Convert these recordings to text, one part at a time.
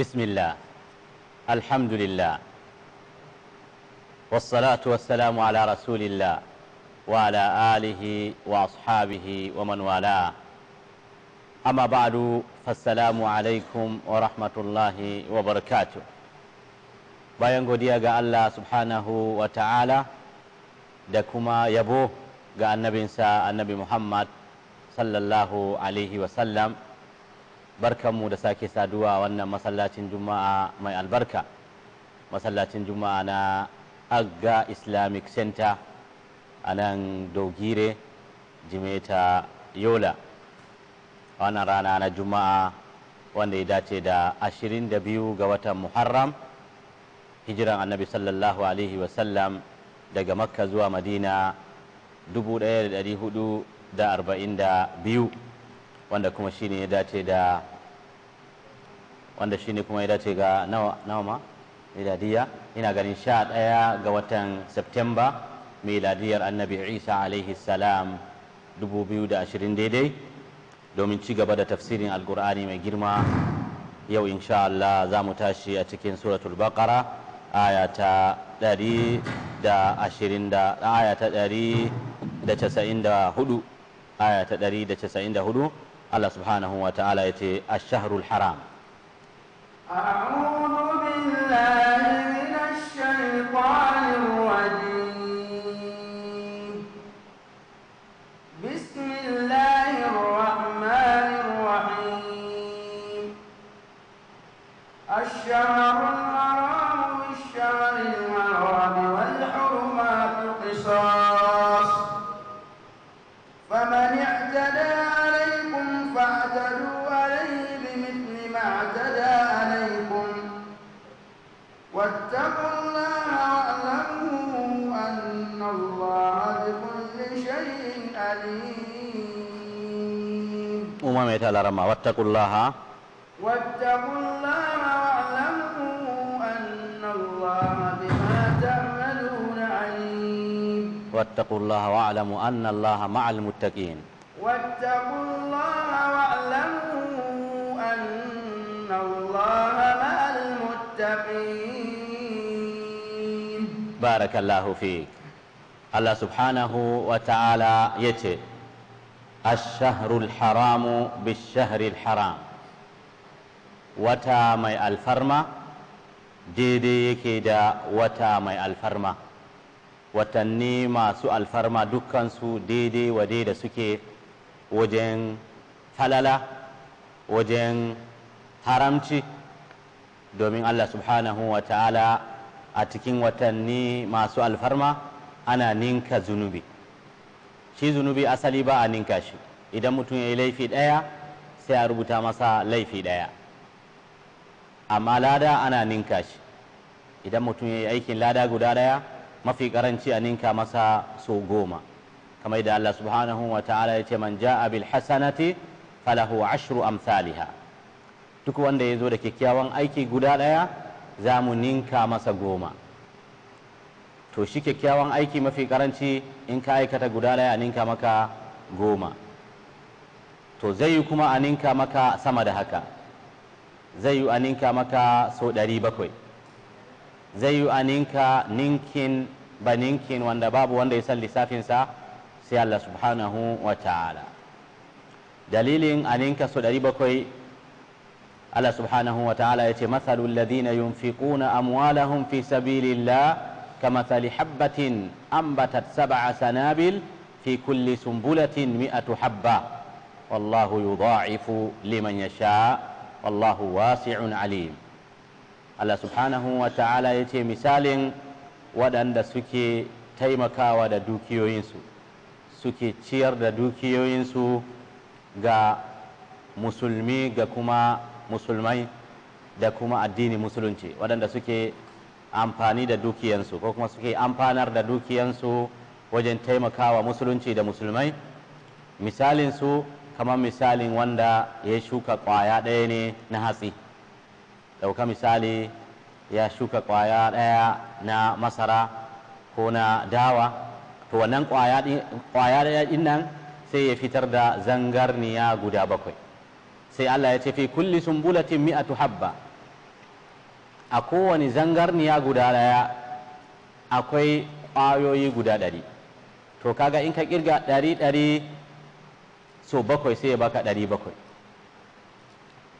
بسم الله الحمد لله والصلاة والسلام على رسول الله وعلى آله وأصحابه ومن والاه أما بعد فالسلام عليكم ورحمة الله وبركاته bayan godiya الله سبحانه وتعالى دكما يبوه قال النبي yabo ga annabinsa annabi Muhammad sallallahu barkanmu da sake saduwa wannan masallacin juma'a mai albarka masallacin juma'a na agga islamic center a nan dogire jimeta yola wannan rana na juma'a wanda ya dace da 22 ga watan muharram hijiran annabi sallallahu alaihi wasallam daga makka zuwa madina 1442 wanda kuma shi ne ya dace da wanda ne kuma ya dace ga nawa ma miladiya ina ganin sha ɗaya ga watan september miladiyar annabi isa alaihi salam 2020 daidai domin ci gaba da tafsirin alkur'ani mai girma yau insha Allah za mu tashi a cikin suratul baqara aya ta 120 da aya ta aya ta 194 الله سبحانه وتعالى يتي الشهر الحرام. وسلم واتقوا الله واتقوا الله واعلموا أن الله بما تعملون عليم واتقوا الله واعلموا أن الله مع المتقين واتقوا الله واعلموا أن الله مع المتقين بارك الله فيك الله سبحانه وتعالى يتي ashahrul haramu bishahril haram wata mai alfarma daidai yake da wata mai alfarma watanni masu alfarma dukkansu daidai wade da suke wajen falala wajen haramci domin allah subhanahu wa ta'ala a cikin watanni masu alfarma ana ninka zunubi shi zunubi asali ba a ninka shi idan mutum ya yi laifi ɗaya sai a rubuta masa laifi ɗaya amma lada ana ninka shi idan mutum ya yi aikin lada guda ɗaya mafi karanci a ninka masa so goma kamar yadda Allah subhanahu wa ta'ala ya ce man ja'a bil hasanati falahu ashru amsalha duk wanda ya zo da kyakkyawan aiki guda ɗaya za mu ninka masa goma to shi kyakkyawan aiki mafi karanci in ka aikata guda ɗaya a ninka maka goma to zai yi kuma a ninka maka sama da haka zai yi a ninka maka so ɗari bakwai zai yi a ninka ninkin ba ninkin wanda babu wanda ya san lissafinsa sai Allah subhanahu wa ta'ala dalilin a ninka so ɗari bakwai Allah subhanahu wa ta'ala ya ce matsalul ladina yunfiquna amwalahum fi sabilillah كمثل حبة أنبتت سبع سنابل في كل سنبلة مئة حبة والله يضاعف لمن يشاء والله واسع عليم الله سبحانه وتعالى يتي مثال ودن دا سكي تيمكا ودا دوكيو ينسو سكي تير دوكي وينسو ينسو غا مسلمي غا كما مسلمي دا كما الديني مسلمي ودن دا amfani da dukiyansu ko kuma suke amfanar da dukiyansu wajen taimakawa musulunci da musulmai misalin su kamar misalin wanda ya shuka kwaya ɗaya ne na hatsi ɗauka misali ya shuka kwaya ɗaya na masara ko na dawa to wannan kwaya ɗaya ɗin nan sai ya fitar da zangarniya guda bakwai sai Allah ya ce fi kulli sumbulatin mi'atu habba a kowane zangarniya guda ɗaya akwai ƙwayoyi guda ɗari to kaga in ka ƙirga ɗari ɗari so bakwai sai ya baka ɗari bakwai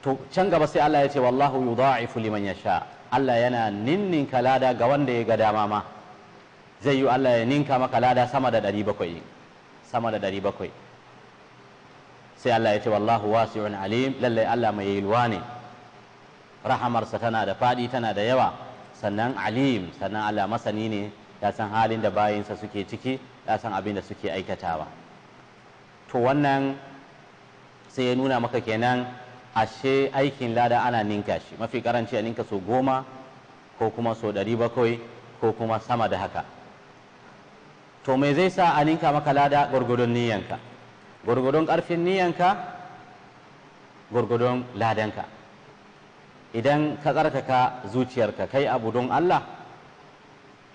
to can gaba sai Allah ya ce wallahu yudha'ifu liman yasha Allah yana ninnin kalada ga wanda ya ga dama ma zai yi Allah ya ninka maka lada sama da ɗari bakwai sama da ɗari bakwai sai Allah ya ce wallahu wasi'un alim lallai Allah mai yilwa ne rahamarsa tana da faɗi tana da yawa sannan alim sannan Allah masani ne ya san halin da bayinsa suke ciki ya san abin da suke aikatawa to wannan sai ya nuna maka kenan ashe aikin lada ana ninka shi mafi karanci a ninka so goma ko kuma so ɗari bakwai ko kuma sama da haka to me zai sa a ninka maka lada gwargwadon niyanka gwargwadon ƙarfin niyanka gwargwadon ladanka idan ka tsarkaka zuciyarka kai abu don Allah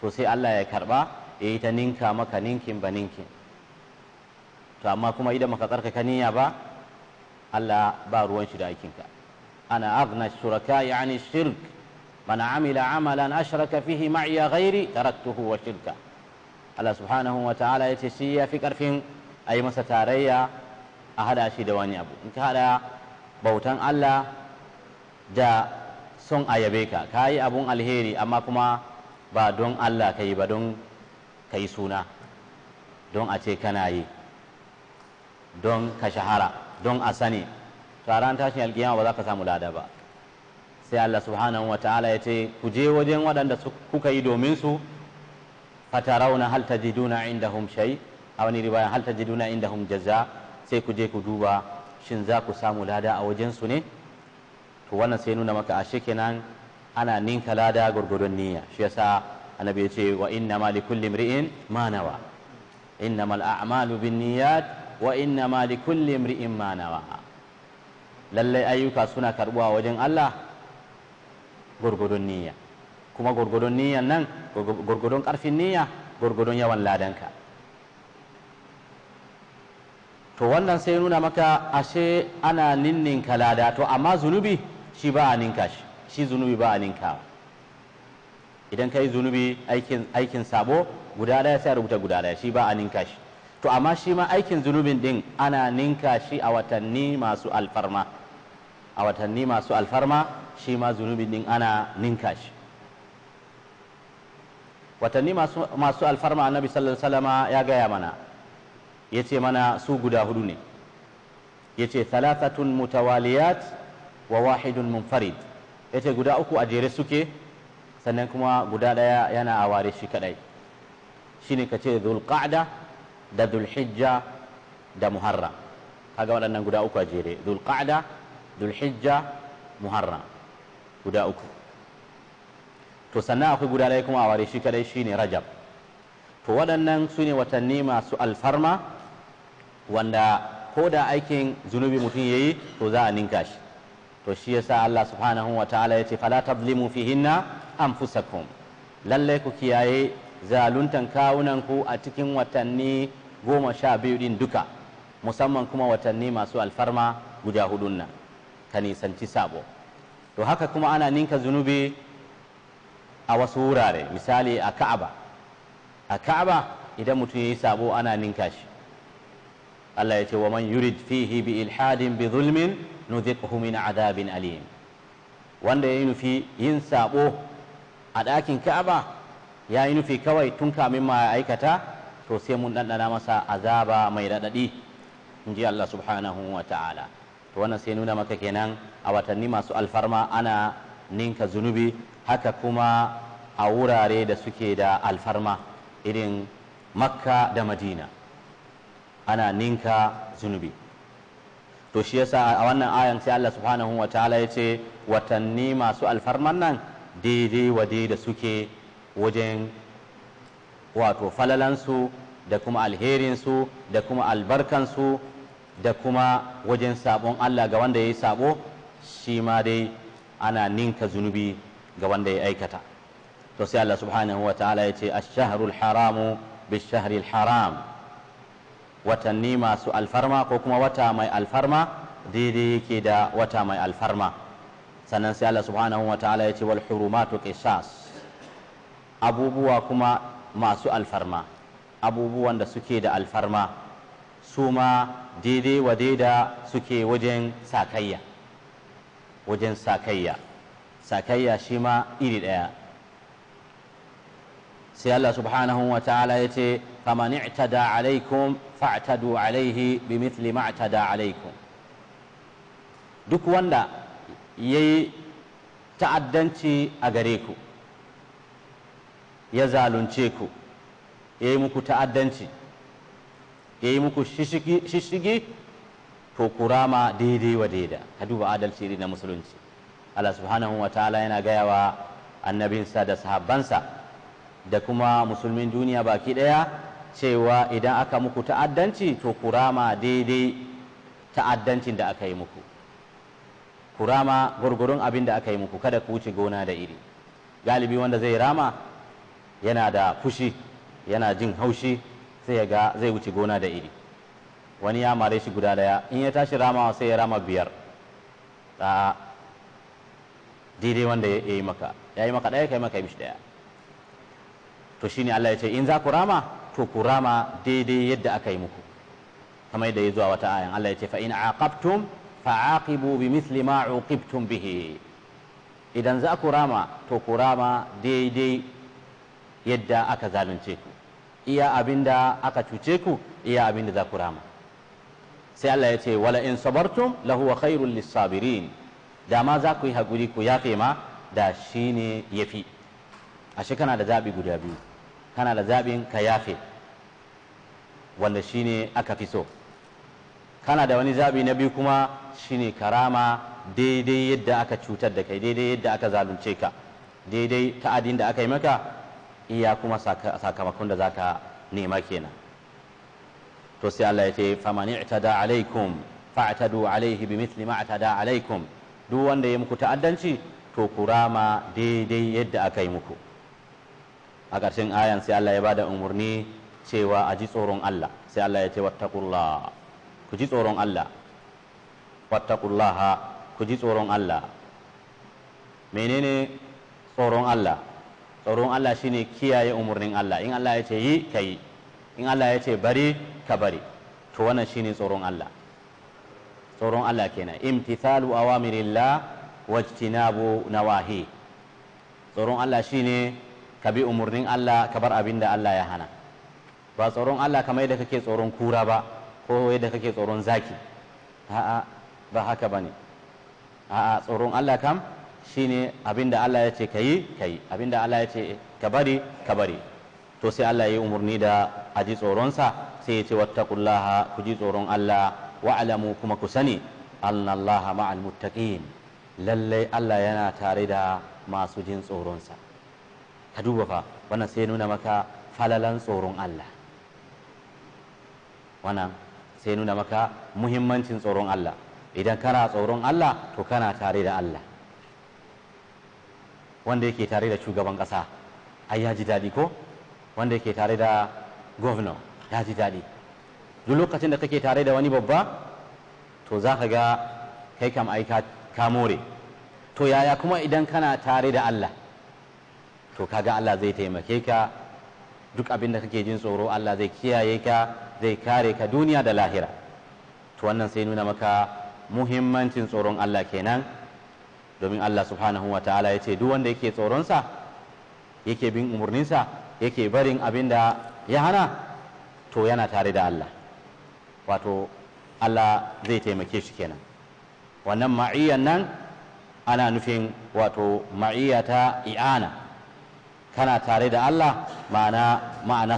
to sai Allah ya karba ya yi ta ninka maka ninkin ba ninkin to amma kuma idan maka tsarkaka niyya ba Allah ba ruwan shi da aikinka ana aghna shuraka yani shirk man amila amalan ashraka fihi ma'iya ghairi taraktuhu wa shirka Allah subhanahu wa ta'ala ce shi ya fi karfin ayi masa tarayya a hada shi da wani abu in ka hada bautan Allah da son a yabe ka ka yi abun alheri amma kuma ba don Allah ka yi ba don ka yi suna don a ce kana yi don ka shahara don a sani to a ran tashin alkiyama ba za ka samu lada ba sai Allah subhanahu ta'ala ya ce ku je wajen waɗanda kuka yi domin su fatarauna hal tajiduna indahum shay a wani riwayan hal tajiduna indahum jaza sai ku je ku duba shin za ku samu lada a wajen su ne to wannan sai nuna maka ashe kenan ana ninka lada gurgudun niyya shi yasa annabi ya ce wa inna ma li kulli imri'in ma nawa inna mal a'malu bin niyyat wa inna ma li kulli imri'in ma nawa lallai ayyuka suna karbuwa wajen Allah gurgudun niyya kuma gurgudun niyyan nan gurgudun karfin niyya gurgudun yawan ladanka to wannan sai nuna maka ashe ana ninninka lada to amma zunubi shi ba a ninka shi shi zunubi ba a ninka idan ka yi zunubi aikin sabo guda daya sai a rubuta guda daya shi ba a ninka shi to amma shi ma aikin zunubin din ana ninka shi a watanni masu alfarma a watanni masu alfarma shi ma zunubin din ana ninka shi watanni masu, masu alfarma annabi sallallahu alaihi wasallam ya gaya mana ya ce mana su guda hudu ne ya ce thalathatun mutawaliyat wa wahidun munfarid yace guda uku a jere suke sannan kuma guda daya yana a ware shi kadai shine kace dhul da dhul da muharram kaga waɗannan guda uku a jere dhul qa'da muharram guda uku to sannan akwai guda daya kuma a ware shi kadai shine rajab to waɗannan su ne watanni masu alfarma wanda ko da aikin zunubi mutum ya yi to za a ninka shi to shi yasa Allah subhanahu wa ta'ala ya ce fala tazlimu fihinna anfusakum lalle ku kiyaye zaluntan kawunan ku a cikin watanni goma sha biyu din duka musamman kuma watanni masu alfarma guda hudun nan ka nisanci sabo to haka kuma ana ninka zunubi a wasu wurare misali a ka'aba a ka'aba idan mutum ya yi sabo ana ninka shi Allah ya ce wa man yurid fihi bi ilhadin bi zulmin nuziqhu min adabin alim wanda ya nufi yin sabo a ɗakin Ka'aba ya yi nufi kawai tun kamin ma aikata to sai mun ɗanɗana masa azaba mai raɗaɗi in Allah subhanahu wa ta'ala to wannan sai nuna maka kenan a watanni masu alfarma ana ninka zunubi haka kuma a wurare da suke da alfarma irin makka da madina ana ninka zunubi to shi yasa a wannan ayan sai Allah subhanahu wa ta'ala ya ce watanni masu alfarman nan daidai wa da suke wajen wato falalansu da kuma alherinsu da kuma albarkansu da kuma wajen sabon Allah ga wanda ya yi sabo shi ma dai ana ninka zunubi ga wanda ya aikata to sai Allah subhanahu wa ta'ala ya ce ash-shahrul haramu bish-shahril haram watanni masu alfarma ko kuma wata mai alfarma daidai yake da wata mai alfarma sannan sai Allah subhanahu wa ta'ala ya ce wal hurumatu qisas abubuwa kuma masu alfarma abubuwan da suke da alfarma su ma daidai wa daida suke wajen sakayya wajen sakayya sakayya shi ma iri ɗaya sai Allah subhanahu wa ta'ala ya ce faman i'tada alaikum fa'tadu alaihi bimithli ma tada alaikum duk wanda yi ta'addanci a gare ku ya zalunce ku ya yi muku ta'addanci ya yi muku shishigi to kurama daidai wa daida ka duba adalci iri na musulunci Allah subhanahu wa ta'ala yana gaya wa annabinsa da sahabbansa da kuma musulmin duniya baki ɗaya cewa idan aka muku ta'addanci to kurama daidai ta'addancin da aka yi muku kurama gurgurun abin da aka yi muku kada ku wuce gona da iri galibi wanda zai rama yana da fushi yana jin haushi sai ya ga zai wuce gona da iri wani ya mare shi guda daya in ya tashi ramawa sai ya rama biyar a daidai wanda ya yi maka ya yi maka daya kai maka mishi daya to shine Allah ya ce in za ku rama to ku rama daidai yadda aka yi muku kamar yadda ya zuwa wata ayan Allah ya ce fa in aqabtum fa aqibu bi mithli ma uqibtum bihi idan za ku rama to ku rama daidai yadda aka zalunce ku iya abinda aka cuce ku iya abinda za ku rama sai Allah ya ce wala in sabartum lahuwa khairul lissabirin da ma za ku yi hakuri ku yafe ma da shine yafi ashe kana da zabi guda biyu kana da zaɓin ka yafe wanda shine aka fi so kana da wani zaɓi na biyu kuma shine karama daidai yadda aka cutar da kai daidai yadda aka zalunce ka daidai ta'adin da aka yi maka iya kuma sakamakon da za ka nema kenan to sai Allah ya ce faman i'tada alaikum fa'tadu alaihi bimithli ma i'tada alaikum duk wanda ya muku ta'addanci to kurama daidai yadda aka yi muku a ƙarshen ayan sai Allah ya bada umarni cewa a ji tsoron Allah sai Allah ya ce wattaqullah ku ji tsoron Allah wattaqullaha ku ji tsoron Allah menene tsoron Allah tsoron Allah shine kiyaye umarnin Allah in Allah ya ce yi kai in Allah ya ce bari ka bari to wannan shine tsoron Allah tsoron Allah kenan imtithalu awamirillah wajtinabu nawahi tsoron Allah shine ka bi umarnin Allah ka bar abin da Allah ya hana ba tsoron Allah kamar yadda kake tsoron kura ba ko yadda kake tsoron zaki a'a ba haka bane a'a tsoron Allah kam shine abin da Allah ya ce kayi kayi abin da Allah ya ce ka bari ka bari to sai Allah ya yi umarni da aji tsoron sa sai ya ce wattaqullaha ku ji tsoron Allah alamu kuma ku sani annallaha ma'al muttaqin lallai Allah yana tare da masu jin tsoronsa ka duba fa wannan sai nuna maka falalan tsoron Allah wannan sai nuna maka muhimmancin tsoron Allah idan kana tsoron Allah to kana tare da Allah wanda yake tare da shugaban ƙasa ai ya ji daɗi ko wanda yake tare da governor ya ji daɗi duk lokacin da kake tare da wani babba to za ka ga kai kam ai ka more to yaya kuma idan kana tare da Allah to kaga Allah zai taimake ka duk abin da kake jin tsoro Allah zai kiyaye ka zai kare ka duniya da lahira to wannan sai nuna maka muhimmancin tsoron Allah kenan domin Allah subhanahu wa ta'ala ya ce duk wanda yake tsoronsa yake bin umarninsa yake barin abin da ya hana to yana tare da Allah wato Allah zai taimake shi kenan wannan ma'iyyan nan ana nufin wato ma'iyyata i'ana kana tare da Allah ma'ana ma'ana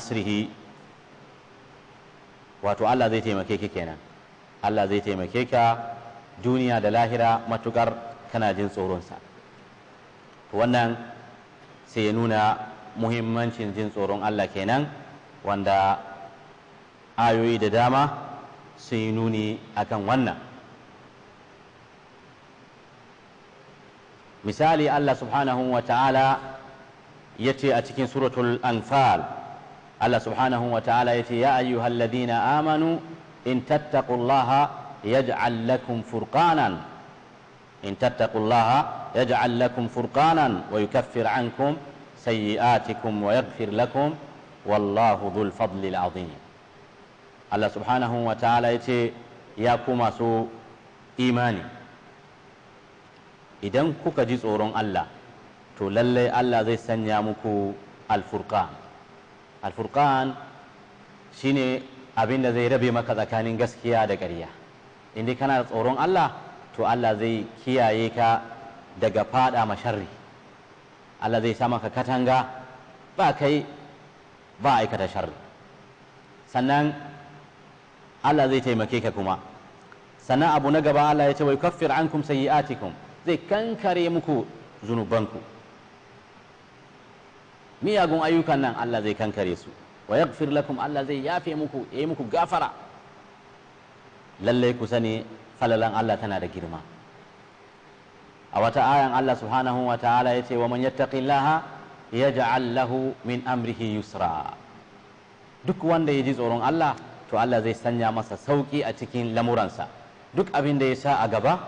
wato Allah zai taimake ki kenan Allah zai taimake ka duniya da lahira matukar kana jin tsoronsa wannan sai ya nuna muhimmancin jin tsoron Allah kenan wanda ayoyi da dama sun yi nuni akan wannan misali Allah subhanahu wa ta'ala yace a cikin suratul anfal Allah subhanahu wa ta'ala yace ya ayyuhalladhina amanu in tattaqullaha yaj'al lakum furqanan in tattaqullaha yaj'al lakum furqanan wa yukaffir ankum sayyi'atikum wa yaghfir lakum wallahu dhul fadli azim Allah subhanahu wa ta'ala yace ya ku masu imani idan kuka ji tsoron Allah to lallai Allah zai sanya muku alfurkan alfurkan shine abin da zai rabe maka tsakanin gaskiya da ƙarya inda kana tsoron Allah to Allah zai kiyaye ka daga fada masharri Allah zai sa katanga ba kai ba aikata sharri sannan Allah zai taimake ka kuma sannan abu na gaba Allah ya ce wai kaffir ankum sayyi'atikum zai kankare muku zunubanku miyagun ayyukan nan Allah zai kankare su wa yaghfir lakum Allah zai yafe muku yayi muku gafara lallai ku sani falalan Allah tana da girma a wata ayan Allah subhanahu wa ya ce wa man yattaqillaha yaj'al lahu min amrihi yusra duk wanda ya ji tsoron Allah to Allah zai sanya masa sauƙi a cikin lamuransa duk abin da ya sa a gaba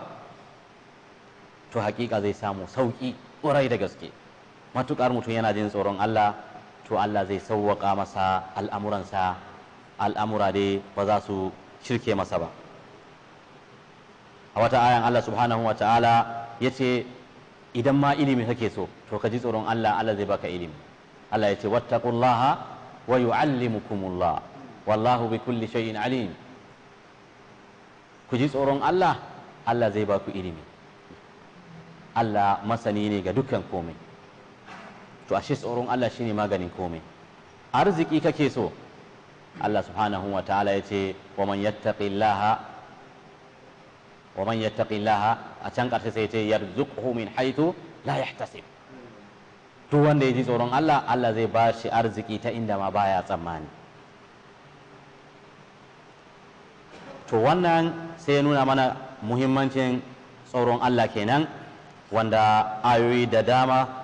to hakika zai samu sauƙi ƙwarai da gaske matukar mutum yana jin tsoron Allah to Allah zai sauwaka masa al'amuransa al'amura dai ba za su shirke masa ba a wata ayan Allah subhanahu wa ta'ala ya ce idan ma ilimi kake so to ka ji tsoron Allah Allah zai baka ilimi Allah ya ce wattaqullaha wa yu'allimukumullah wallahu bi kulli shay'in alim ku ji tsoron Allah Allah zai baku ilimi Allah masani ne ga dukkan komai to ashe tsoron Allah shine maganin komai arziki kake so Allah subhanahu wa ta'ala yace wa man yattaqillaha wa man a can karshe sai yace yarzuquhu min haythu la yahtasib duk wanda ya ji tsoron Allah Allah zai ba shi arziki ta inda ma baya tsammani to wannan sai ya nuna mana muhimmancin tsoron Allah kenan wanda ayoyi da dama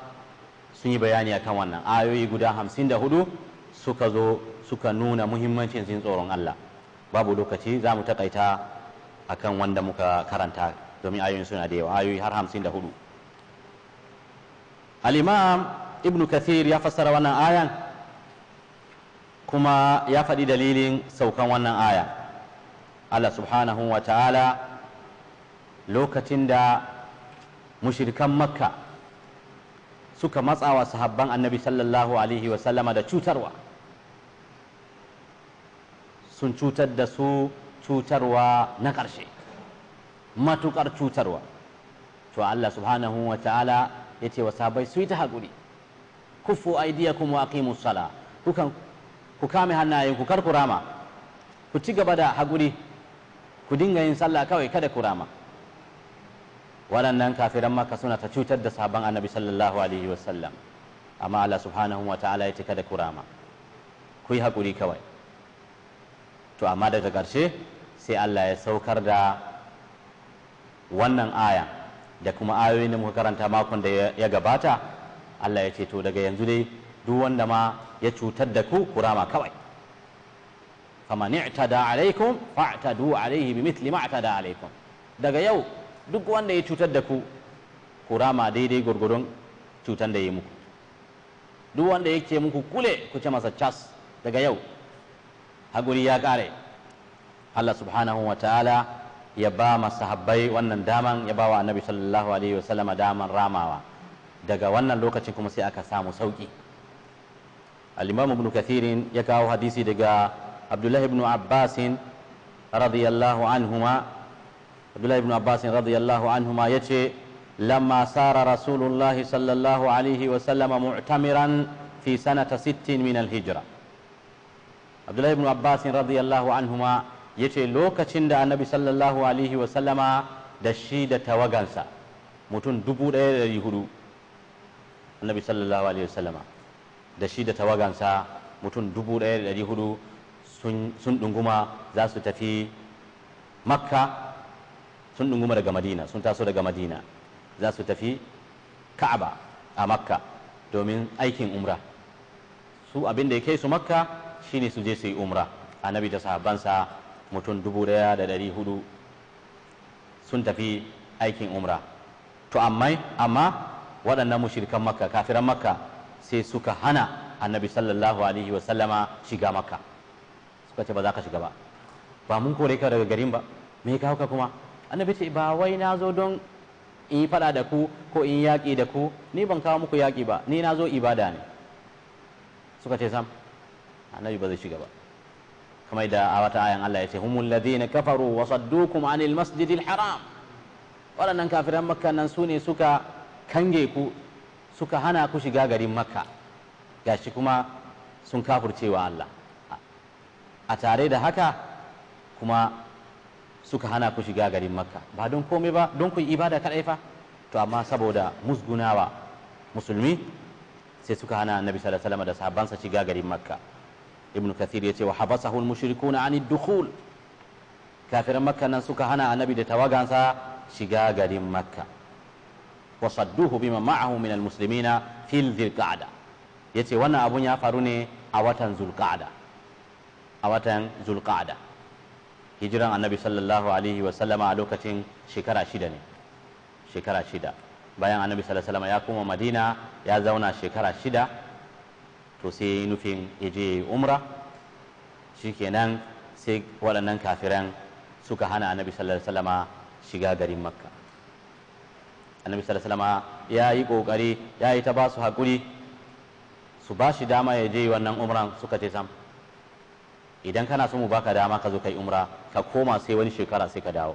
sun yi bayani akan wannan ayoyi guda hamsin da hudu suka zo suka nuna muhimmancin jin tsoron Allah babu lokaci za mu takaita akan wanda muka karanta domin ayoyin suna da yawa ayoyi har hamsin da hudu al-imam ibnu kathir ya fassara wannan ayan kuma ya faɗi dalilin saukan wannan aya Allah subhanahu wa ta'ala lokacin da mushirikan makka suka matsawa sahabban annabi sallallahu alaihi wasallama da cutarwa sun cutar da su cutarwa na ƙarshe matuƙar cutarwa to Allah subhanahu wa ta'ala ya ce wa sahabbai su yi ta haƙuri kufu aidiyakum wa aqimu sala ku kame hannayen ku kar ku rama ku ci gaba da haƙuri ku dinga yin sallah kawai kada ku rama waɗannan kafiran maka suna ta cutar da sabon annabi sallallahu alaihi wasallam amma Allah subhanahu wa ta'ala ya tika da kurama ku yi haƙuri kawai to amma daga ƙarshe sai Allah ya saukar da wannan aya da kuma ayoyin da muka karanta makon da ya gabata Allah ya ce to daga yanzu dai duk wanda ma ya cutar da ku kurama kawai faman i'tada alaikum fa'tadu alaihi bimithli ma alaikum daga yau duk wanda ya cutar da ku ku rama daidai gurgurun cutar da ya muku duk wanda yake muku kule ku ce masa cas daga yau haguri ya kare Allah subhanahu wa ta'ala ya ba masahabbai wannan daman ya ba wa annabi sallallahu alaihi wa sallama daman ramawa daga wannan lokacin kuma sai aka samu sauki al-imam ibn kathirin ya kawo hadisi daga abdullahi ibn abbasin radiyallahu anhuma abdullahi ibn abbas radiyallahu anhu anhuma yace lamma sara rasulullahi sallallahu alaihi wa sallama mu'tamiran fi sanata sittin min al-hijra abdullahi ibn abbas radiyallahu anhu anhuma yace lokacin da annabi sallallahu alaihi wa sallama da shi da tawagansa mutum dubu ɗaya da hudu annabi sallallahu alaihi wa da shi da tawagansa mutum dubu ɗaya da hudu sun ɗunguma za su tafi makka sun dunguma daga madina sun taso daga madina za su tafi ka'aba a makka domin aikin umra su abin da ya kai su makka shine su je su yi umra annabi da sahabbansa mutum dubu daya da dari hudu sun tafi aikin umra to amma waɗannan mushirikan makka kafiran makka sai suka hana annabi sallallahu alaihi wa sallama shiga makka suka ce ba za ka shiga ba ba mun kore ka daga garin ba me ka hauka kuma annabi ce ba wai na zo don in yi fada da ku ko in yaƙi da ku ni ban kawo muku yaƙi ba ni na zo ibada ne suka ce sam annabi ba zai shiga ba kamar da a wata ayan Allah ya ce humul ladina kafaru wa saddukum anil masjidil haram waɗannan kafiran makka nan su ne suka kange ku suka hana ku shiga garin makka gashi kuma sun kafurcewa Allah a tare da haka kuma suka hana ku shiga garin makka ba don komai ba don ku yi ibada kadai fa to amma saboda musgunawa musulmi sai suka hana annabi sallallahu alaihi wasallam da sahabbansa shiga garin makka ibnu kathir yace wa habasahu al-mushrikuna an dukhul kafiran makka nan suka hana annabi da tawagansa shiga garin makka wa sadduhu bima ma'ahu min al fil dhilqa'da yace wannan abun ya faru ne a watan zulqa'da a watan zulqa'da hijiran annabi sallallahu alaihi wasallama a lokacin shekara shida ne shekara shida bayan annabi sallallahu alaihi ya koma madina ya zauna shekara shida to sai nufin ya je umra shikenan sai waɗannan kafiran suka hana annabi sallallahu alaihi wasallama shiga garin makka annabi sallallahu alaihi wasallama ya yi kokari ya yi ta ba su haƙuri su ba shi dama ya je wannan umran suka ce sam idan kana so mu baka dama ka zo kai umra ka koma sai wani shekara sai ka dawo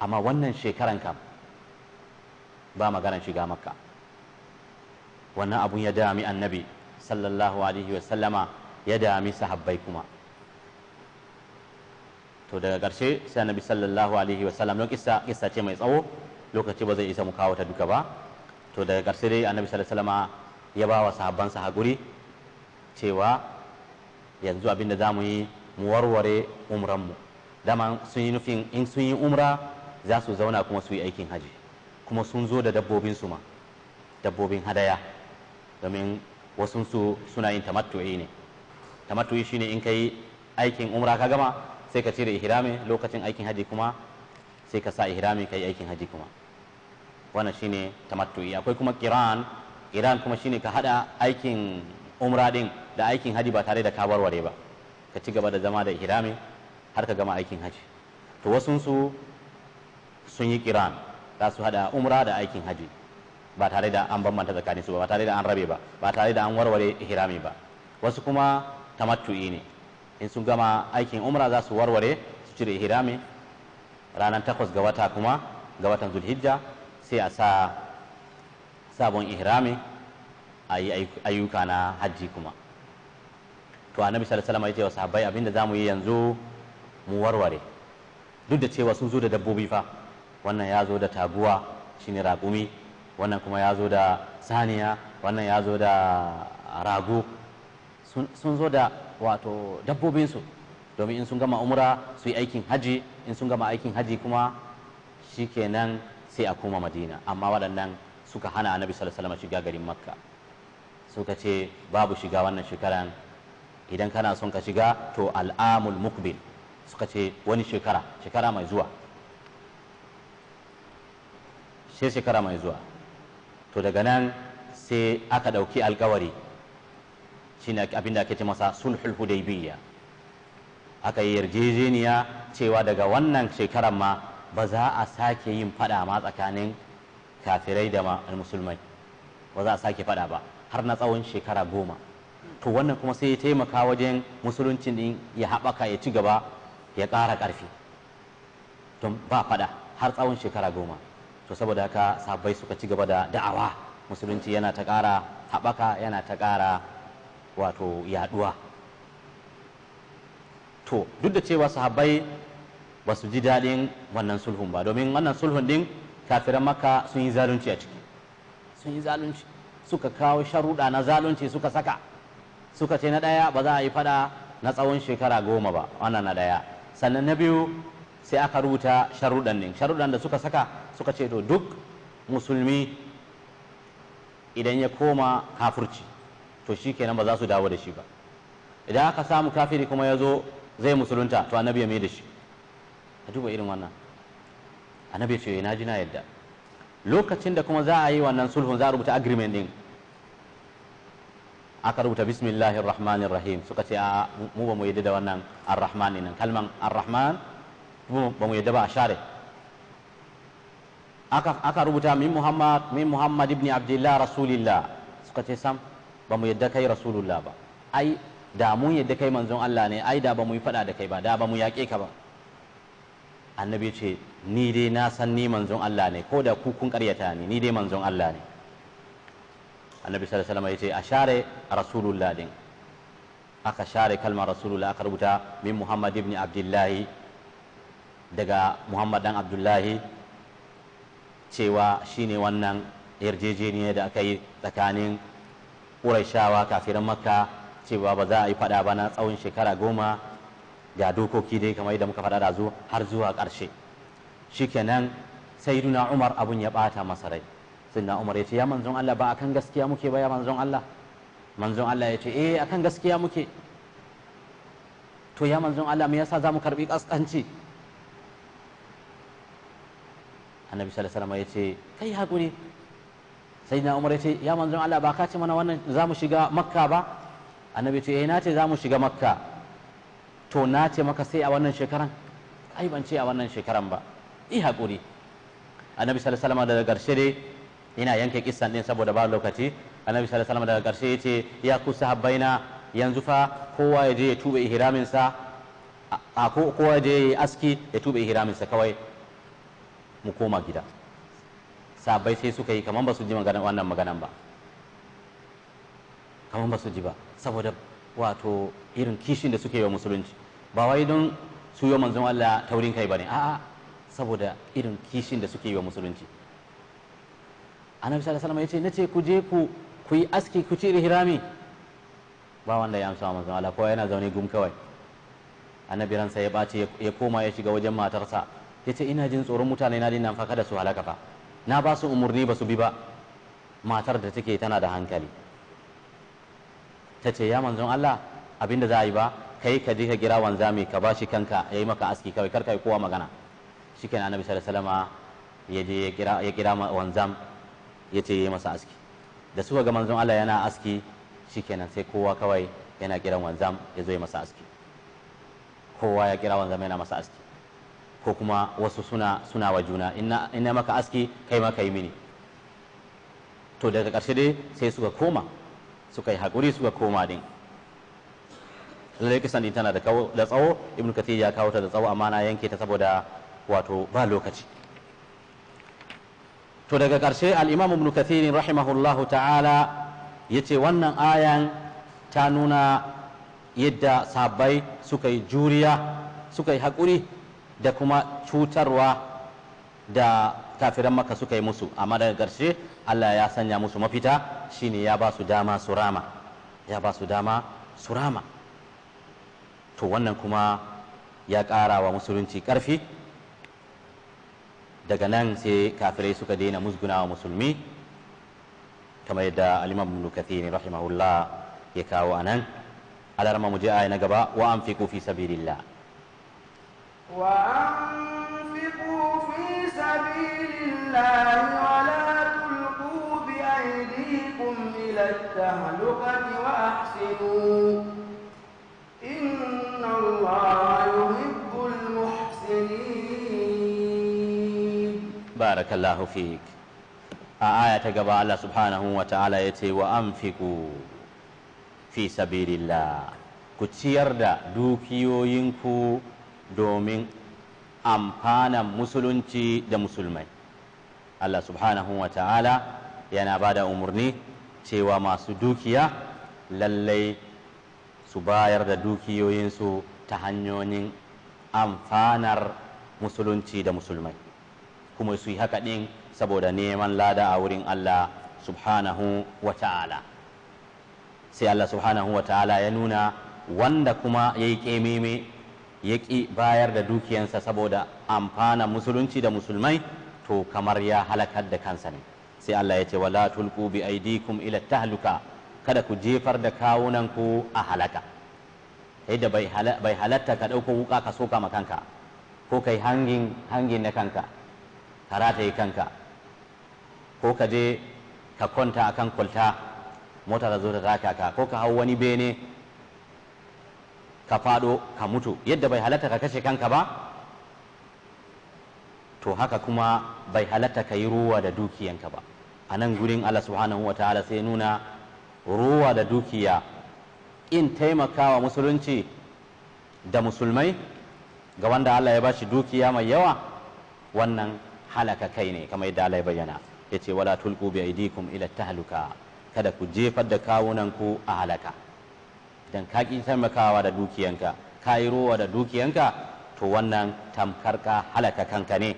amma wannan shekaran kam ba maganar shiga makka wannan abun ya dami annabi sallallahu alaihi wa sallama ya dami sahabbai kuma to daga ƙarshe sai annabi sallallahu alaihi wa sallam don kissa kissa ce mai tsawo lokaci ba zai isa mu kawo ta duka ba to daga ƙarshe dai annabi sallallahu alaihi wa sallama ya ba wa sa haguri cewa yanzu abinda za mu yi mu warware umranmu dama sun yi nufin in sun yi umra za su zauna kuma su yi aikin haji kuma sun zo da dabbobin su ma dabbobin hadaya domin wasu su suna yin tamattu'i ne tamattu'i shine in kai aikin umra ka gama sai ka cire ihrami lokacin aikin haji kuma sai ka sa ihrami kai aikin haji kuma wannan shine tamattu'i akwai kuma qiran qiran kuma shine ka hada aikin umra din da aikin haji ba tare da ka warware ba ka ci gaba da zama da ihrami har ka gama aikin haji to wasu su sun yi kiran za su hada umra da aikin haji ba tare da an bambanta tsakanin su ba tare da an rabe ba ba tare da an warware ihrami ba wasu kuma tamattu'i ne in sun gama aikin umra za su warware su cire ihrami ranar takwas ga wata kuma ga watan zulhijja sai a sa sabon ihrami Ayi, ayyuka na hajji kuma to annabi sallallahu alaihi wasallam ya ce sahabbai abinda zamu yi yanzu mu warware duk da cewa sun zo da dabbobi fa wannan ya zo da taguwa shine raƙumi wannan kuma ya zo da saniya wannan ya zo da rago sun zo da wato dabbobinsu domin in sun gama umra su yi aikin haji in sun gama aikin haji kuma shikenan sai a koma madina amma waɗannan suka hana annabi sallallahu alaihi wasallam shiga garin makka suka ce babu shiga wannan shekaran idan kana son ka shiga to al'amul mukbil suka ce wani shekara shekara mai zuwa sai shekara mai zuwa to daga nan sai aka ɗauki alkawari shine abin da ake ce masa sulhul hudaybiyya aka yi yarjejeniya cewa daga wannan shekaran ma ba za a sake yin fada ma tsakanin kafirai da musulmai ba za a sake fada ba har na tsawon shekara goma to wannan kuma sai ya taimaka wajen musuluncin din ya haɓaka ya ci gaba ya ƙara ƙarfi to ba faɗa har tsawon shekara goma to saboda haka sabai suka ci gaba da da'awa musulunci yana ta ƙara haɓaka yana ta ƙara wato yaɗuwa to duk da cewa sahabbai ba su ji daɗin wannan sulhun ba domin wannan sulhun din kafiran maka sun yi zalunci a ciki sun yi zalunci suka kawo sharuɗa na zalunci suka saka suka ce na ɗaya ba za a yi faɗa na tsawon shekara goma ba wannan na ɗaya sannan na biyu sai aka rubuta sharuɗan ne sharuɗan da suka saka suka ce to duk musulmi idan ya koma kafurci to shi kenan ba za su dawo da shi ba idan aka samu kafiri kuma ya zo zai musulunta to annabi ya mai da shi a duba irin wannan annabi ce eh, na ji na yadda lokacin da kuma za a yi wannan sulhun za a rubuta agreement din aka rubuta bismillahir rahmanir rahim suka ce a mu ba mu yadda da wannan ar-rahman nan kalman ar-rahman ba mu yadda ba a share aka aka rubuta min muhammad min muhammad ibn abdullah rasulillah suka ce sam ba mu yadda kai rasulullah ba ai da mun yadda kai manzon Allah ne ai da ba mu yi fada da kai ba da ba mu yaƙe ka ba annabi ya ce ni dai na san ni manzon Allah ne ko da ku kun karyata ni ni dai manzon Allah ne annabi sallallahu alaihi wasallam yace ashare rasulullah din aka share kalmar rasulullah aka rubuta min muhammad ibn abdullahi daga muhammad dan abdullahi cewa shine wannan yarjejeniya da aka yi tsakanin ƙuraishawa kafirin makka cewa ba za a yi fada ba na tsawon shekara goma ga dokoki dai kamar yadda muka faɗa da zo har zuwa ƙarshe shikenan duna Umar abun ya ɓata masa rai sayyiduna Umar ya ce ya manzon Allah ba akan gaskiya muke ba ya manzon Allah manzon Allah ya ce eh akan gaskiya muke to ya manzon Allah me yasa zamu karbi kaskanci annabi sallallahu alaihi wasallam ya ce kai hakuri na Umar ya ce ya manzon Allah ba ka ce mana wannan zamu shiga makka ba annabi ya ce eh na ce zamu shiga makka to na ce maka sai a wannan shekaran ai ban ce a wannan shekaran ba i haƙuri annabi sallallahu alaihi wasallam daga ƙarshe dai ina yanke kissan din saboda ba lokaci annabi sallallahu alaihi wasallam daga ƙarshe yace ya ku sahabbaina yanzu fa kowa ya je ya tube ihramin sa a kowa ya je ya aski ya tube ihramin sa kawai mu koma gida sahabbai sai suka yi kaman ba su ji maganar wannan maganan ba kaman ba su ji ba saboda wato irin kishin da suke yi wa musulunci ba wai don su yi manzon Allah taurin kai bane a'a saboda irin kishin da suke yi wa musulunci annabi sallallahu alaihi wasallam yace nace ku je ku ku yi aski ku ci hirami ba wanda ya amsa wa manzon Allah kowa yana zaune gum kawai annabi ransa ya bace ya koma ya shiga wajen matarsa yace ina jin tsoron mutane na dinnan fa da su halaka fa na ba su umurni ba su bi ba matar da take tana da hankali ta ce ya manzon Allah abinda za a yi ba kai ka je ka gira wanzami ka bashi kanka ya yi maka aski kawai kar yi kowa magana shikenan annabi sallallahu alaihi salama ya je ya kira ya ce wanzam ya ce masa aski da suka ga manzon Allah yana aski shikenan sai kowa kawai yana kiran wanzam ya zo ya masa aski kowa ya kira wanzam yana masa aski ko kuma wasu suna suna wa juna ina maka aski kai ma yi mini to daga ƙarshe dai sai suka koma suka yi haƙuri suka koma din lallai kisan din tana da tsawo ibn kathir ya kawo ta da tsawo amma na yanke ta saboda wato ba lokaci to daga karshe al-imam ibn kathir rahimahullahu ta'ala ya ce wannan ayan ta nuna yadda sabai suka yi juriya suka yi haƙuri da kuma cutarwa da kafiran maka suka yi musu amma daga ƙarshe Allah ya sanya musu mafita shine ya ba su dama su rama ya ba su dama su rama to wannan kuma ya ƙara wa musulunci ƙarfi daga nan sai kafirai suka daina musguna wa musulmi kamar yadda alimam ibn ne rahimahullah ya kawo nan alarma mu je aya na gaba wa an fi sabilillah wa an fi sabilillah التهلكة وأحسنوا إن الله يحب المحسنين بارك الله فيك آه، آية قبع الله سبحانه وتعالى يتي وأنفقوا في سبيل الله كتير دا دوكيو ينكو دومين amfanan musulunci دا مسلمين الله سبحانه وتعالى ta'ala yana ba cewa masu dukiya lallai su bayar da dukiyoyinsu ta hanyoyin amfanar musulunci da musulmai kuma su yi haka ɗin saboda neman lada a wurin Allah subhanahu wa ta'ala sai Allah subhanahu wa ta'ala ya nuna wanda kuma ya yi ƙememe ya ƙi bayar da dukiyansa saboda amfana musulunci da musulmai to kamar ya halakar da kansa ne. sai Allah ya ce wala tulqu bi aidikum ila tahluka kada ku jefar da kawunan ku a halaka yadda bai halatta ka ɗauko wuka ka soka ma kanka ko kai hangin hangin na kanka ka rataye kanka ko ka je ka kwanta akan kwalta mota ta zo ta taka ka ko ka hau wani bene ka faɗo ka mutu yadda bai halatta ka kashe kanka ba to haka kuma bai halatta ka yi ruwa da dukiyanka ba a nan gurin Allah subhanahu wa ta'ala sai nuna ruwa da dukiya in taimakawa musulunci da musulmai ga wanda Allah ya bashi dukiya mai yawa wannan halaka kai ne kamar yadda Allah ya bayyana yace wala tulqu bi aidikum ila tahluka kada ku jefar da kawunan ku a halaka idan ka ki taimakawa da dukiyanka ka yi ruwa da dukiyanka to wannan tamkar ka halaka kanka ne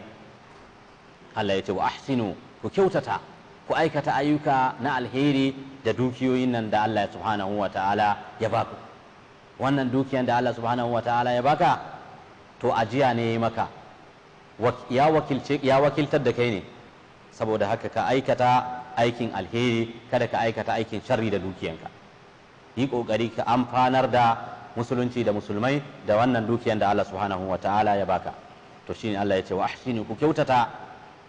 Allah ya ce wa ahsinu ku kyautata ku aikata ayyuka na alheri da dukiyoyin nan da Allah subhanahu wa ta'ala ya baku wannan dukiyan da Allah subhanahu wa ta'ala ya baka to ajiya ne maka ya wakilce ya wakiltar da kai ne saboda haka ka aikata aikin alheri kada ka aikata aikin sharri da dukiyanka yi kokari ka amfanar da musulunci da musulmai da wannan dukiyan da Allah subhanahu wa ta'ala ya baka to shine Allah ya ce wa ahsinu ku kyautata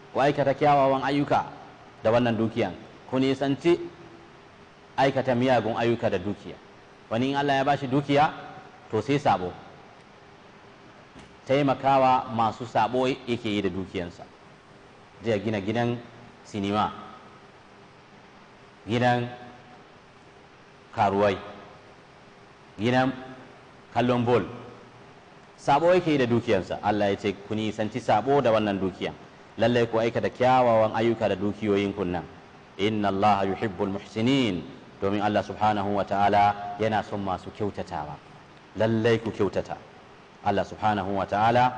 ku aikata kyawawan ayyuka da wannan dukiyan ku nisanci aikata miyagun ayyuka da dukiya wani in Allah ya bashi dukiya to sai sabo taimakawa masu sabo yake yi da dukiyansa zai gina gidan sinima gidan karuwai gidan kallon bol sabo yake yi da dukiyansa Allah ya ce ku nisanci sabo da wannan dukiyan lallai ku da kyawawan ayyuka da dukiyoyin kunna inna Allah yuhibbul muhsinin domin Allah subhanahu wa ta'ala yana son masu kyautatawa lallai ku kyautata Allah subhanahu wa ta'ala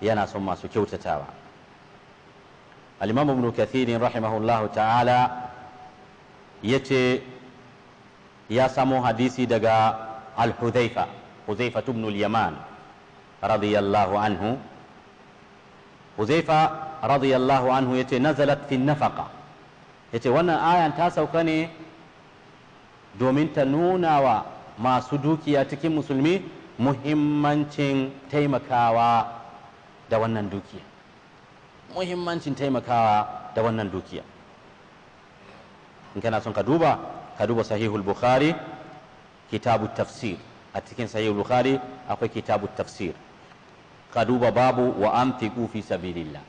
yana son masu kyautatawa al-imam ibn kathir rahimahullahu ta'ala yace ya samo hadisi daga al-hudhaifa hudhaifa ibn al-yaman radiyallahu anhu hudhaifa radiyallahu anhu yace nazalat fi nafaqa yace wannan ayan ta sauka ne domin ta nuna wa masu dukiya cikin musulmi muhimmancin taimakawa da wannan dukiya muhimmancin taimakawa da wannan dukiya in kana son ka duba ka duba sahihul bukhari kitabu tafsir a cikin sahihul bukhari akwai kitabu tafsir ka duba babu wa anfiqu fi sabilillah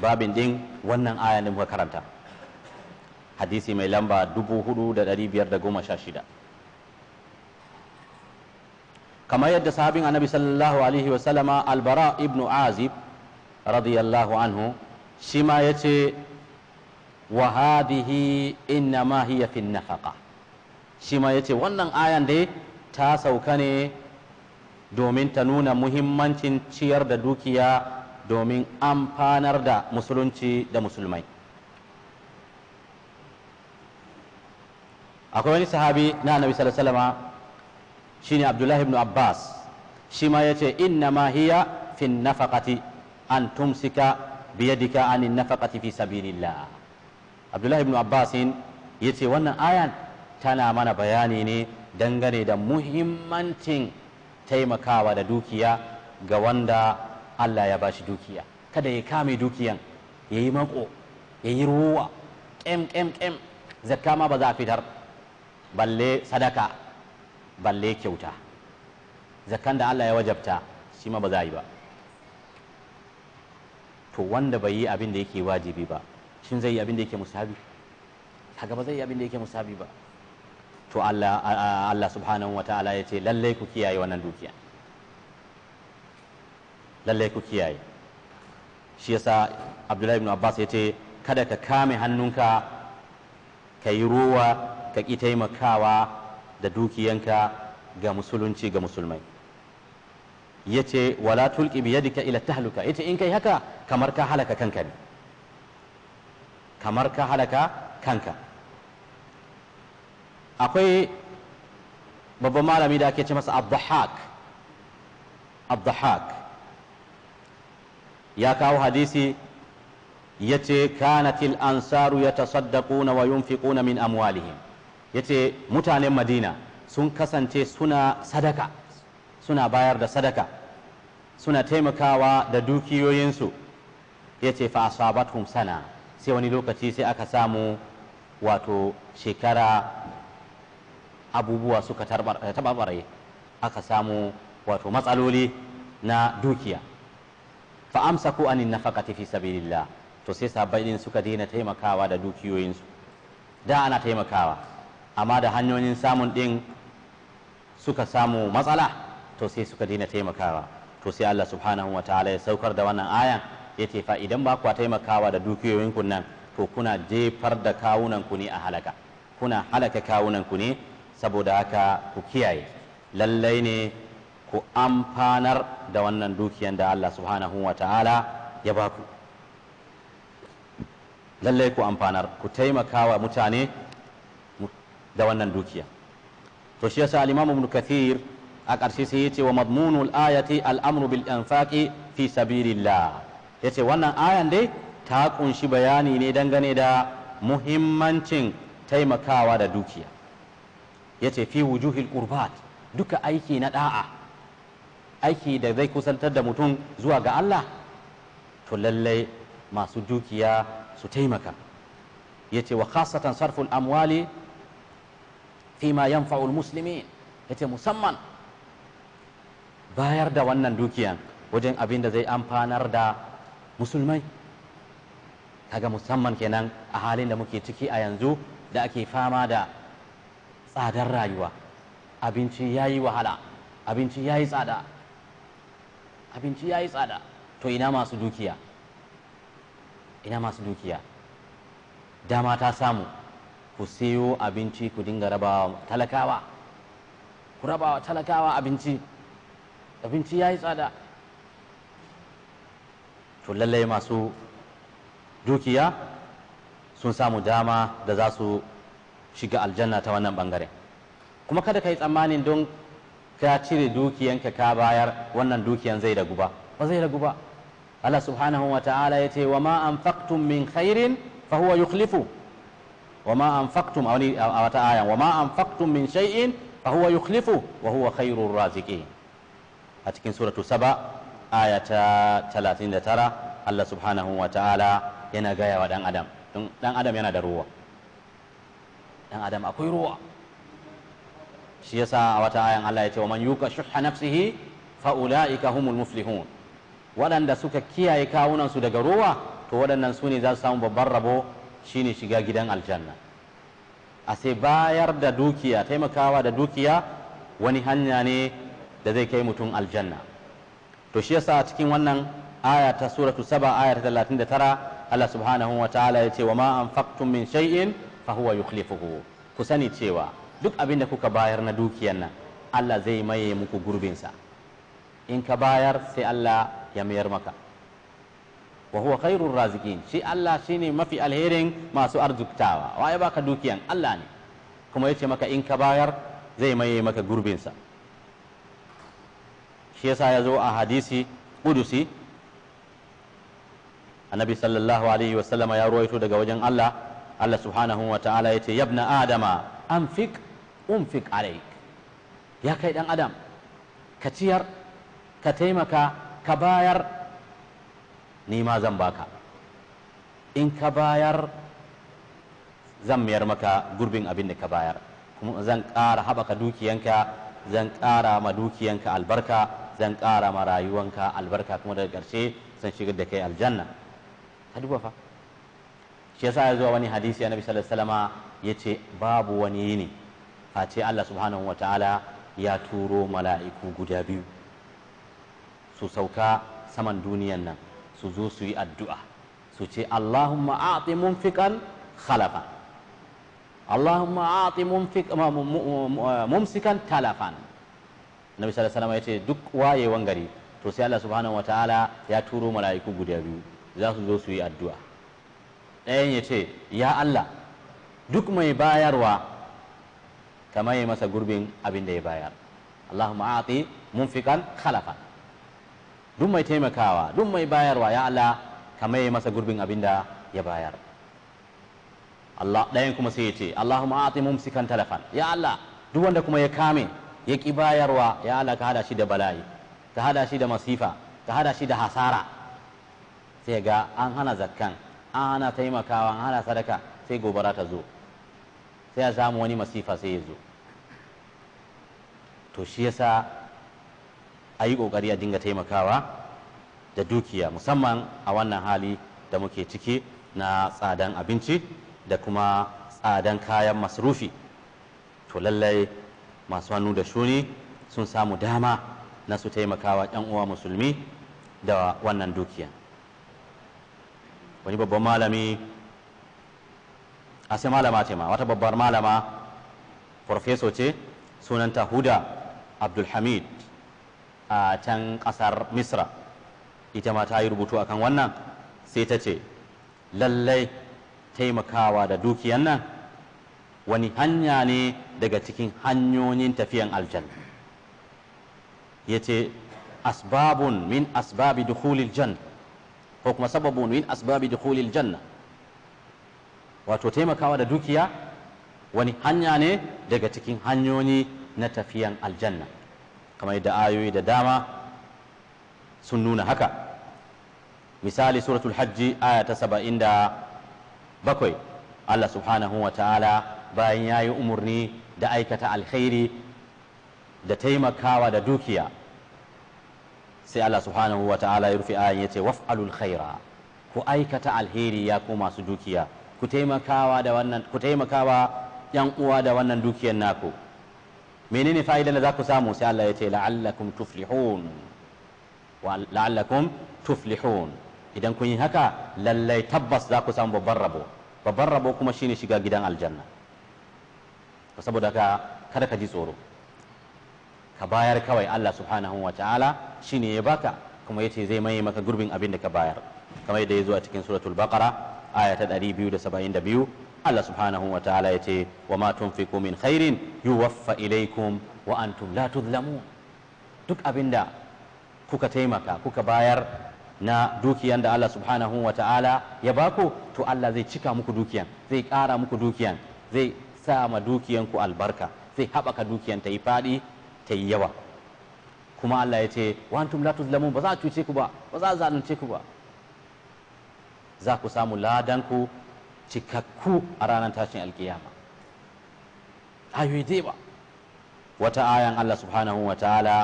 babin din wannan aya ne muka karanta hadisi mai lamba 4516 kamar yadda sahabin annabi sallallahu alaihi wasallama albara ibn azib radiyallahu anhu shi ma ya ce wa hadihi inna ma hiya fi nafaqa shi ma ya ce wannan ayan dai ta sauka ne domin ta nuna muhimmancin ciyar da dukiya domin amfanar da musulunci da musulmai akwai wani sahabi na annabi sallallahu alaihi shine abdullahi ibn abbas shi ma yace inna ma hiya fi nafaqati an tumsika biyadika anin nafaqati fi sabilillah abdullahi ibn abbas yace wannan ayan tana mana bayani ne dangane da muhimmancin taimakawa da dukiya ga wanda Allah ya bashi dukiya kada ya kame dukiyan ya yi mako ya yi ruwa ƙem ƙem ƙem zakka ma ba za a fitar balle sadaka balle kyauta zakkan da Allah ya wajabta shi ma ba za a yi ba to wanda bai yi abin da yake wajibi ba shin zai yi abin da yake musabi kaga ba zai yi abin da yake musabi ba to Allah Allah subhanahu wataala ya ce lallai ku kiyaye wannan dukiyan. lallai ku kiyaye shi yasa abdullahi ibn abbas ya ce kada ka kame hannunka ka yi ruwa ka ƙi taimakawa da dukiyanka ga musulunci ga musulmai ya ce wala tulki yadika ila tahluka ya ce in kai haka kamar ka halaka kanka ne kamar ka halaka kanka akwai babban malami da ake ce masa abdahak abdahak ya kawo hadisi ya ce kanatil ansaru ya tasaddaquna wa kuna min amwalihim ya ce mutanen madina sun kasance suna sadaka suna bayar da sadaka suna taimakawa da dukiyoyinsu ya ce fa sana sai wani lokaci sai aka samu wato shekara abubuwa suka tabarbare aka samu wato matsaloli na dukiya fa ko anin nafaqati fi sabirilla to sai sabbin suka daina taimakawa da dukiyoyinsu da ana taimakawa amma da hanyoyin samun din suka samu matsala to sai suka daina taimakawa to sai Allah subhanahu wa ta'ala ya saukar da wannan ayan ya fa idan ba ku taimakawa da dukiyoyinku nan to kuna jefar da kawunan ku ne a halaka kuna halaka kawunan ku ne saboda haka ku kiyaye lallai ne ku amfanar da wannan dukiyan da Allah subhanahu wa ta'ala ya baku lallai ku amfanar ku taimaka wa mutane da wannan dukiya to shi yasa al-Imam Ibn Kathir a ƙarshe sai yace wa madmunul ayati al-amru bil anfaqi fi sabilillah yace wannan ayan dai ta kunshi bayani ne dangane da muhimmancin taimakawa da dukiya yace fi wujuhil qurbat duka aiki na da'a aiki da zai kusantar da mutum zuwa ga Allah to lallai masu dukiya su taimaka ce wa khasatan sarful amwali fi ma musulmi muslimin ce musamman bayar da wannan dukiyan wajen abin da zai amfanar da musulmai kaga musamman kenan a halin da muke ciki a yanzu da ake fama da tsadar rayuwa abinci ya yi wahala abinci ya yi tsada abinci ya yi tsada to ina masu dukiya ina masu dukiya dama ta samu ku siyo abinci ku dinga rabawa talakawa ku rabawa talakawa abinci abinci ya yi tsada to lallai masu dukiya sun samu dama da za su shiga aljanna ta wannan bangaren kuma kada ka yi tsammanin don ka cire dukiyanka ka bayar wannan dukiyan zai ragu ba ba zai ragu ba Allah subhanahu wa ta'ala ya ce wa ma anfaqtum min khairin fa huwa yukhlifu wa ma anfaqtum a wata ayan wa ma anfaqtum min shay'in fa huwa yukhlifu wa huwa khairur raziqin a cikin suratu saba aya ta 39 Allah subhanahu wa ta'ala yana gaya wa dan adam dan adam yana da ruwa dan adam akwai ruwa shi yasa a wata ayan Allah ya ce wa man yuka shuhha nafsihi fa ulaika humul muflihun waɗanda suka kiyaye kawunan su daga ruwa to waɗannan su ne za su samu babban rabo shine shiga gidan aljanna a sai bayar da dukiya taimakawa da dukiya wani hanya ne da zai kai mutum aljanna to shi yasa cikin wannan aya ta suratu saba aya ta tara Allah subhanahu wa ta'ala ya ce wa ma anfaqtum min shay'in fa huwa yukhlifuhu ku sani cewa duk abin da kuka bayar na dukiyar nan Allah zai maye muku gurbinsa in ka bayar sai Allah ya mayar maka wa huwa khairur raziqin shi Allah shine mafi alherin masu arzuktawa waye baka dukiyan Allah ne kuma yace maka in ka bayar zai maye maka gurbinsa shi yasa ya zo a hadisi kudusi annabi sallallahu alaihi wasallama ya ruwaito daga wajen Allah Allah subhanahu wa ta'ala yace yabna adama anfik unfik alaik ya kai dan adam ka ciyar ka taimaka ka bayar ni ma zan baka in ka bayar zan mayar maka gurbin abin da ka bayar kuma zan ƙara haɓaka dukiyanka zan ƙara ma dukiyanka albarka zan ƙara ma rayuwanka albarka kuma daga ƙarshe zan shigar da kai aljanna ka duba fa shi yasa ya zuwa wani hadisi ya sallallahu alaihi wasallama yace babu wani yini face Allah subhanahu wataala ya turo mala'iku guda biyu su sauka saman duniyan nan su zo su yi addu'a su ce Allahumma a'ti munfiqan khalafa Allahumma a'ti mumsikan talafan Nabi sallallahu alaihi ya ce duk wayewan gari to sai Allah subhanahu wataala ya turo mala'iku guda biyu za su zo su yi addu'a ɗayan ya ya Allah duk mai bayarwa kamar yi masa gurbin abin da ya bayar Allahumma fi kan khalafa duk mai taimakawa duk mai bayarwa ya Allah kamar yi masa gurbin abin da ya bayar Allah ɗayan kuma sai ya ce mun fi kan talafan ya Allah duk wanda kuma ya kame ya ki bayarwa ya Allah ka hada shi da bala'i ka hada shi da masifa ka hada shi da hasara sai ga an hana zakkan an hana taimakawa an hana sadaka sai gobara ta zo sai ya samu wani masifa sai ya zo to shi yasa a yi ƙoƙari a dinga taimakawa da dukiya musamman a wannan hali da muke ciki na tsadan abinci da kuma tsadan kayan masrufi to lallai masu hannu da shuni sun samu dama na su taimakawa 'yan uwa musulmi da wannan dukiya wani babban malami a sai malama ce ma wata babbar malama farfeso ce sunanta huda abdulhamid a can ƙasar misra ita ma ta yi rubutu akan wannan sai ta ce lallai taimakawa da dukiyan nan wani hanya ne daga cikin hanyoyin tafiyan aljanna ya ce asbabun min asbabi dukhulil janna ko kuma sababun min asbabi dukhulil janna wato taimakawa da dukiya wani hanya ne daga cikin hanyoyi na tafiyan aljanna kamar da ayoyi da dama sun nuna haka misali suratul hajji aya ta saba'in da bakwai Allah subhanahu wa ta'ala bayan ya yi umarni da aikata alkhairi da taimakawa da dukiya sai Allah subhanahu wa ta'ala ya rufe ayan ya ce waf'alul khaira ku aikata alheri ya ku masu dukiya ku taimakawa da wannan ku taimakawa yan uwa da wannan dukiyar naku menene fa'idan da za ku samu sai Allah ya ce la'allakum tuflihun la'allakum tuflihun idan kun yi haka lallai tabbas zaku samu babban rabo babban rabo kuma shine shiga gidan aljanna saboda ka kada ka ji tsoro ka bayar kawai Allah subhanahu wa ta'ala shine ya baka kuma yace zai maye maka gurbin abin da ka bayar kamar yadda ya zo a cikin suratul baqara aya ta 272 Allah subhanahu wa ta'ala ya ce wa ma tunfiqu min khairin yuwaffa ilaikum wa antum la tuzlamun duk abinda kuka taimaka kuka bayar na dukiyan da Allah subhanahu wa ta'ala ya baku to Allah zai cika muku dukiyan zai ƙara muku dukiyan zai sa ma dukiyanku albarka zai haɓaka dukiyan ta yi faɗi ta yi yawa kuma Allah ya ce wa antum la tuzlamun ba za a cuce ku ba ba za a zalunce ku ba za ku samu ladan cikakku a ranar tashin alkiyama ayoyi dai ba wata ayan Allah subhanahu wa ta'ala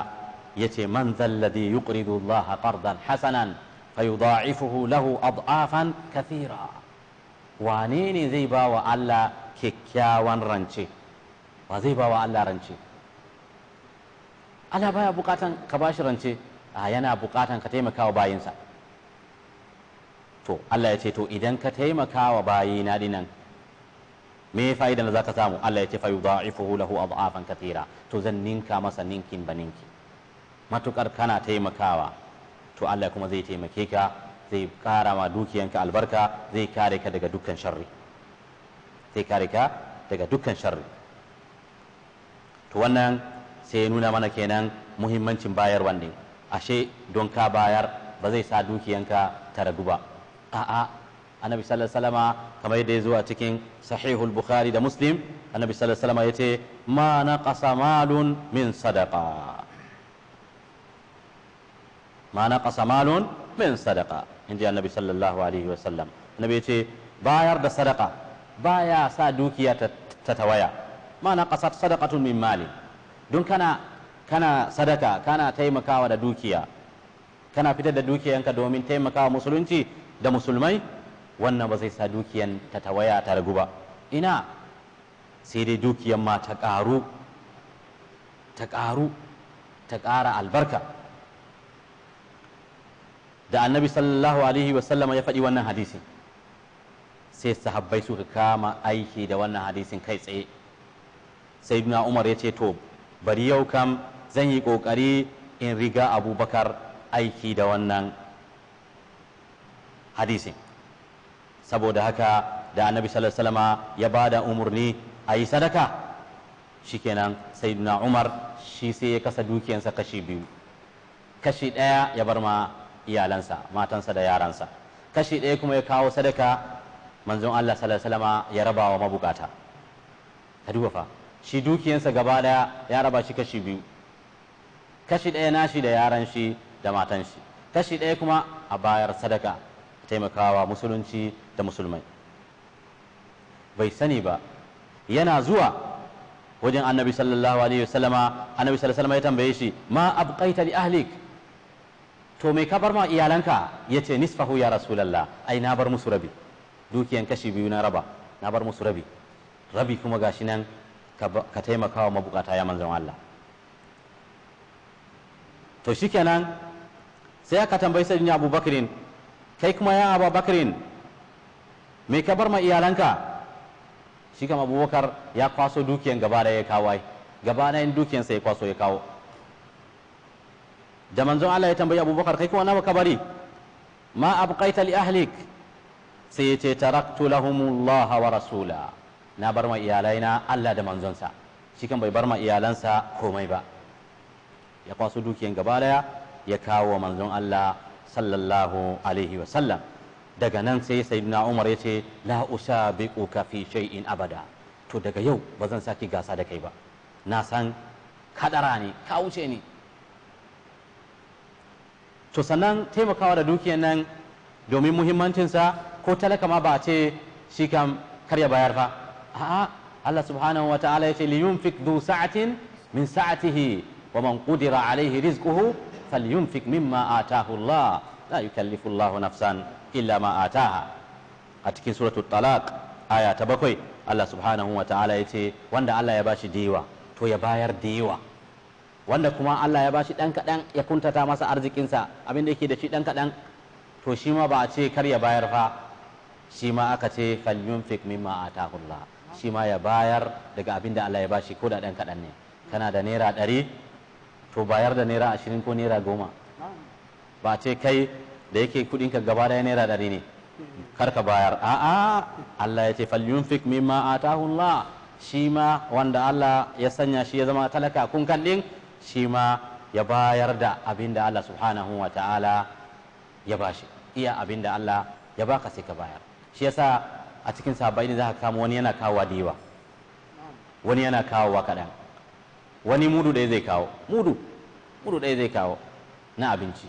ya ce man zalladhi yuqridu Allah qardan hasanan fayudha'ifuhu lahu ad'afan kathira wane ne zai ba wa Allah kyakkyawan rance ba zai ba wa Allah rance Allah baya bukatan ka bashi rance a yana bukatan ka taimaka wa bayinsa to Allah ya ce to idan ka taimaka wa na dinan me fa'idan da zaka samu Allah ya ce fa yudha'ifuhu lahu adhafan katira to zan ninka masa ninkin ba ninki matukar kana taimakawa to Allah kuma zai taimake ka zai kara ma dukiyanka albarka zai kare ka daga dukkan sharri zai kare ka daga dukkan sharri to wannan sai ya nuna mana kenan muhimmancin bayar ne ashe don ka bayar ba zai sa dukiyanka ta ragu ba a'a annabi sallallahu alaihi wasallama kamar yadda ya zo cikin sahihul bukhari da muslim annabi sallallahu alaihi wasallama yace ma na naqasa malun min sadaqa ma na naqasa malun min sadaqa inji annabi sallallahu alaihi wasallam annabi yace bayar da sadaqa baya sa dukiya ta tawaya ma na naqasat sadaqatun min mali don kana kana sadaka kana taimakawa da dukiya kana fitar da dukiyanka domin taimakawa musulunci da musulmai wannan ba zai sa dukiyan ta tawaya ta ragu ba ina sai dai dukiyan ma ta ƙaru ta ƙaru ta ƙara albarka da annabi sallallahu alaihi wasallama ya faɗi wannan hadisi sai sahabbai suka kama aiki da wannan hadisin kai tsaye sai umar ya ce to bari yau kam zan yi ƙoƙari in riga abubakar aiki da wannan hadisin saboda haka da annabi sallallahu alaihi wasallama ya bada umurni a yi sadaka shikenan sayyidina umar shi sai ya kasa dukiyansa kashi biyu kashi ɗaya ya bar ma iyalansa matansa da yaransa kashi ɗaya kuma ya kawo sadaka manzon Allah sallallahu alaihi wasallama ya raba wa mabukata ka duba fa shi dukiyansa gaba daya ya raba shi kashi biyu kashi ɗaya nashi da yaran shi da matan shi kashi ɗaya kuma a bayar sadaka taimakawa musulunci da musulmai bai sani ba yana zuwa wajen annabi sallallahu alaihi wasallama annabi sallallahu alaihi ya tambaye shi ma abqaita li ahlik to me ka bar ma iyalanka yace nisfahu ya rasulullah ai na bar musu rabi dukiyan kashi biyu na raba na bar musu rabi rabi kuma gashi nan ka taimakawa mabukata ya manzon Allah to shikenan sai aka tambayi sayyidina Abu Bakrin kai kuma ya abu bakarin me ka bar ma iyalanka shi kama abubakar ya kwaso dukiyan gaba da ya kawai gaba na yin dukiyansa ya kwaso ya kawo da manzon Allah ya tambayi abubakar kai kuma nawa ka bari ma abqaita li ahlik sai ya ce taraktu lahumullaha wa rasula na bar ma iyalaina Allah da manzonsa shi kan bai bar ma iyalansa komai ba ya kwaso dukiyan gaba daya ya kawo manzon Allah sallallahu alaihi wasallam daga nan sai sayyidina umar ya ce la usabiquka fi shay'in abada to daga yau ba zan sake gasa da kai ba na san kadara ne ka wuce ni to sannan taimakawa da dukiyar nan domin muhimmancinsa ko talaka ma ba ce shi kam karya bayar fa a'a Allah subhanahu wa ta'ala ya ce liyunfiq du sa'atin min sa'atihi wa man qudira alaihi rizquhu falyunfik mimma atahu Allah la yukallifu Allah nafsan illa ma ataha a cikin suratul talaq aya ta bakwai Allah subhanahu wa ta'ala ya ce wanda Allah ya bashi dewa to ya bayar dewa wanda kuma Allah ya bashi dan kadan ya kuntata masa arzikinsa abin da yake da shi dan kadan to shi ma ba a ce kar ya bayar fa shi ma aka ce falyunfik mimma atahu Allah shi ma ya bayar daga abin da Allah ya bashi ko da dan kadan ne kana da naira ɗari to bayar da naira ashirin ko naira goma ba ce kai da yake kudinka gaba daya naira ɗari ne karka ka bayar a'a Allah ya ce falyunfik mimma atahu Allah shi ma wanda Allah ya sanya shi ya zama talaka kun kan din shi ma ya bayar da abin da Allah subhanahu wa ta'ala ya bashi iya abin da Allah ya baka sai ka bayar shi yasa a cikin sabai ne za ka kama wani yana kawo da wani yana wa kaɗan wani mudu ɗaya zai kawo mudu mudu ɗaya zai kawo na abinci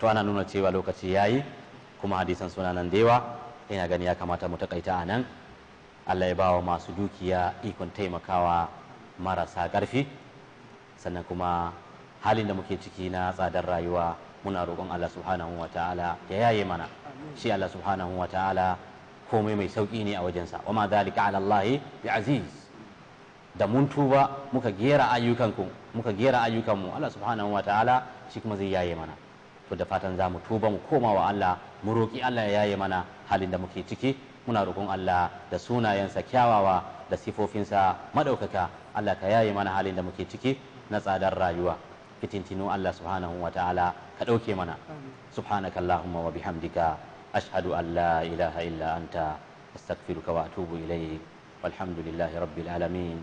to ana nuna cewa lokaci ya yi kuma hadisan suna nan da yawa ina gani ya kamata mu takaita a nan allah ya bawa masu dukiya ikon taimakawa marasa ƙarfi sannan kuma halin da muke ciki na tsadar rayuwa muna roƙon allah subhanahu wa ta'ala ya yaye mana shi allah subhanahu wa ta'ala komai mai sauƙi ne a wajensa wa ma zalika ala allahi bi aziz da mun tuba muka gera ayyukanku muka gera ayyukanmu Allah subhanahu wa ta'ala shi kuma zai yaye mana to da fatan za mu tuba mu koma wa Allah mu roƙi Allah ya yaye mana halin da muke ciki muna roƙon Allah da sunayensa kyawawa da sifofinsa madaukaka Allah ka yaye mana halin da muke ciki na tsadar rayuwa fitintinu Allah subhanahu wa ta'ala ka ɗauke mana subhanaka allahumma wa bihamdika ashhadu an la ilaha illa anta astaghfiruka wa atubu ilayk والحمد لله رب العالمين